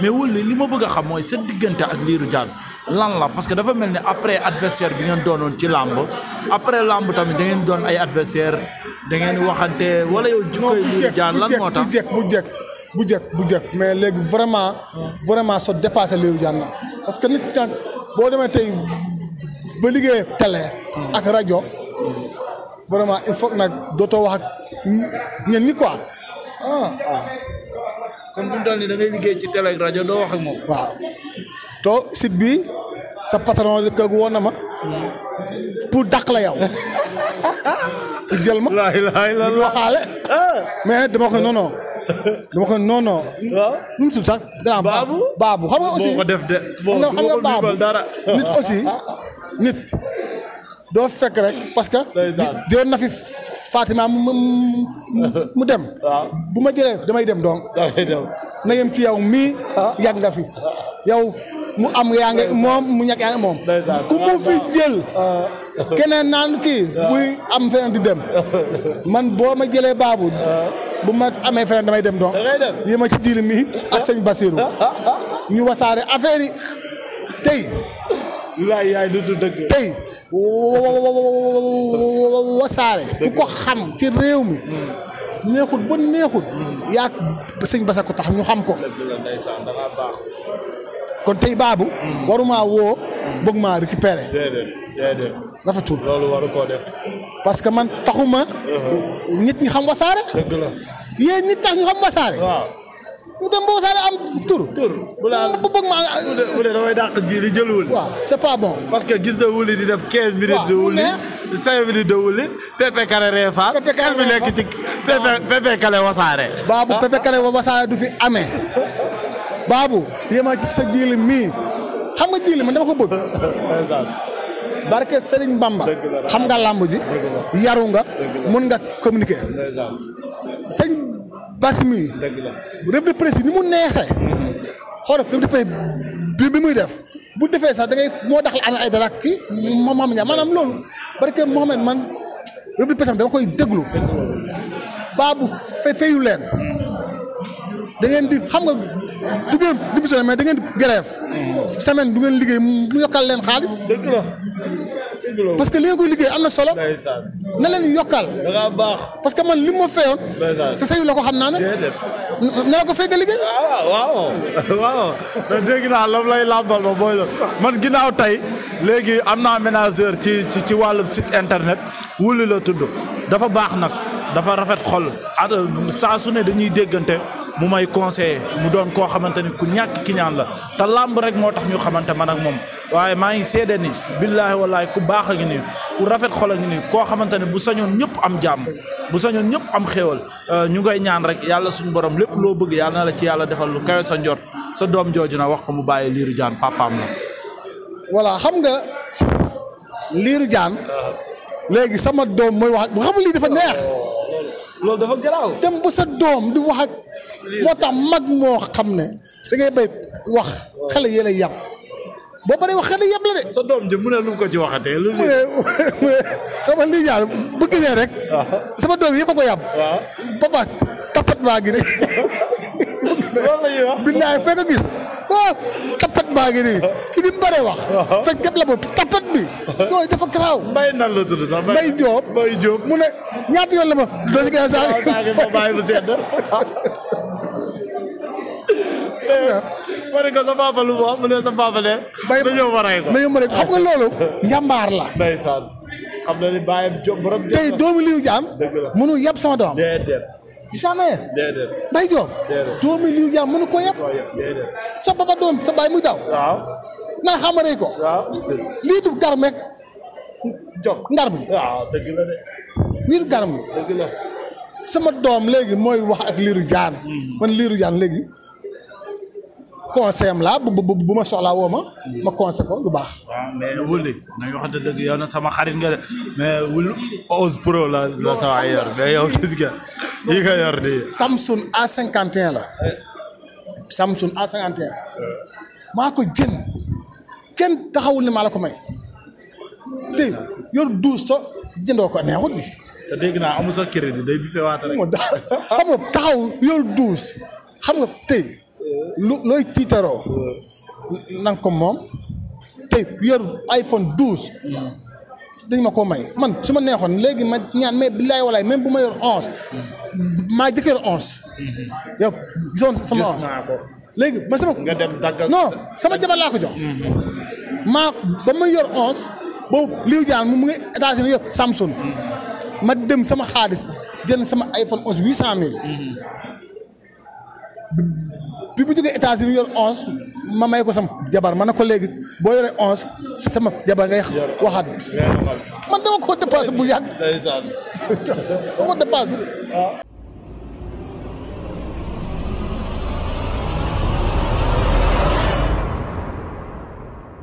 mais wëlle li ma bëgg xam mooy sa diggante ak Lirou Diane lan la parce que dafa mel ni après adversaire bi ngeen doonoon ci làmb après làmb tamit da ngeen doon ay adversaire da ngeen waxante wala yow jukkoy Lirou Diane lan moo tax bu jekk bu jekk bu jekk bu jekk mais léegi vraiment vraiment soo dépassé Lirou Diane na parce que nit nag boo demee tey ba liggéey télé ak rajo vraiment il faut nag dootoo wax ak ñen ñi quoi ah. Ah. kon bu mu toll nii da liggéey ci télé ak rajo doo wax ak moom. waaw to site bi sa patron kooku woon na ma. pour dàq la yow. pour jël ma. laay waxaale. Ah. mais dama ko non dama ko non nu mu tudd sax. grand baabu baabu xam nga aussi boo xam nga xam nga nit aussi. nit doo fekk rek parce que. na fi. Fatima mu mu dem. bu ma jëlee damay dem donc. na yem ci yow mii. Ah. yàgg nga fi yow mu am yaa ngi moom mu ñàkk yaa moom. ku mu fi jël. Ah. keneen naan kii. Ah. buy am feneen di dem. man boo ma jëlee baabu. bu ma amee feneen damay dem donc. yi ci diir mi ak sëñ Basirou. ñu wasaare affaire yi tey. yaay wasaare bu ko xam ci réew mi neexut ba neexut hmm. yaag sëñ basa ko tax ñu xam ko kon tey baabu hmm. waruma woo bëgg maa récupérer rafetul loolu parce que man taxuma uh-huh. nit ñi xam wasaare dëgg la tax ñu xam wasaare mu dem wasaare am tur. tur bu la bu bëgg maa. bu dee damay dàq ji li jël wuli. waaw c'est pas bon. parce que gis na wuli di def 15 minutes. de wuli cinq minutes de wuli Pepe Kale Réfane. Pepe Kale Réfane ah. fi amee Baabu yéema sa jiili xam nga jiili man dama ko bëgg. barke Serigne Bamba xam nga làmb ji yaru nga mun nga communiquer sëñ Bass mi rëb de presse ni mu neexee xoolal rëb de presse bi muy def bu defee sax da moo tax la amee ay dara kii moom am ñaa maanaam loolu barke Mohamed man revue de dama koy déglu baa bu fe ngeen di xam nga du ngeen démissionné mais da ngeen di grève liggéey mu yokkal leen xaalis. parce que li liggéey am na solo. na leen yokkal. da parce que man li ma fayoon. fa fayu la ko xam naa ne. ko fay nga liggéey. Ah, waaw waaw waaw. dégg naa loolu lay làmbal ma booy la man ginnaaw tey. léegi am naa ménageur ci ci ci wàllu site internet wulli la tudd dafa baax nag dafa rafet xol at saa su ne dañuy déggante mu may conseiller mu doon koo xamante ni ku ñàkk ki ñaan la te làmb rek moo tax ñu xamante man ak moom waaye maa ngi seede ni billaahi wallaahi ku baax a ngi nii ku rafet xol a ngi nii koo xamante ne bu sañoon ñëpp am jàmm bu sañoon ñëpp am xéewal euh, ñu ngay ñaan rek yàlla suñu borom lépp loo bëgg yàlla na la ci yàlla defal lu kawe sa njort sa doom jooju na wax ko mu bàyyi liiru jaan papaam la voilà xam nga liiru jaan. Ah. léegi sama doom mooy wax ak bu xam lii dafa neex. Oh, loolu dafa garaaw. dem ba sa doom di wax ak. moo tax mag moo xam ne da ngay bay wax oh. xale yéen a yàpp boo paree wax xale yàpp la de. sa doom ji mu ne lu ko ci waxatee. lu mu ne lii ñaar bu génnee rek. Ah. sama doom yëpp a ko yàpp. waaw ah. papa tapat gi de. loolu la gis baa ngi nii wax. fekk kat la ba tapet bi. mooy dafa garaaw. mbay nan la tudd sax mbay Diop mbay Diop mu ne ñaata yoon la ma. doo ci mu sedd. Eh, ma ne ko mu wax mu ne loolu. njàmbaar la. tey doomu liw jaam. dëgg yab sama doom. Issa Mayel. déedéet doomi Liiru Jaan mënu ko yëpp. sa papa doom sa baay muy daw. waaw na xamaree ko. lii du gar meeg. Diop ngar sama doom léegi mooy wax ak Liiru Jaan. Hmm. man Liiru Jaan léegi. conseil am laa bu bu bu ma soxlaa woo ma. ma conseil ko lu baax. waaw mais wuli nañu waxante dëgg yow na sama xarit nga de mais wul Ose Pro la la sa mais yow gis yi nga yor di Samsung a la eh. Samsung A51 maa ko jën kenn taxawul ne maa la ko may te yor douze so jëndoo ko neexut bi dégg naa amul sa crédit day xam nga taxaw yor douze xam nga tey lu looy tiitaroo eh. na ko moom tey yor iPhone dañ ma ko may man su ma neexoon léegi ma ñaan mais billaay walaay même bu ma yor onze maa jëkk yor onze mm-hmm. yow gisoon sama onze léegi ma sama non sama jabar laa ko jox mm-hmm. maa ba ma yor onze boobu liw jaan mu ngi États-Unis yëpp mm-hmm. ma dem sama xaalis jënd sama iPhone onze huit cent mille bi bu jógee états yor onze ma may ko sama jabar ma ne ko léegi boo yore onze sama jabar ngay waxaat man dama ko dépassé bu yàgg dama ko dépassé ah.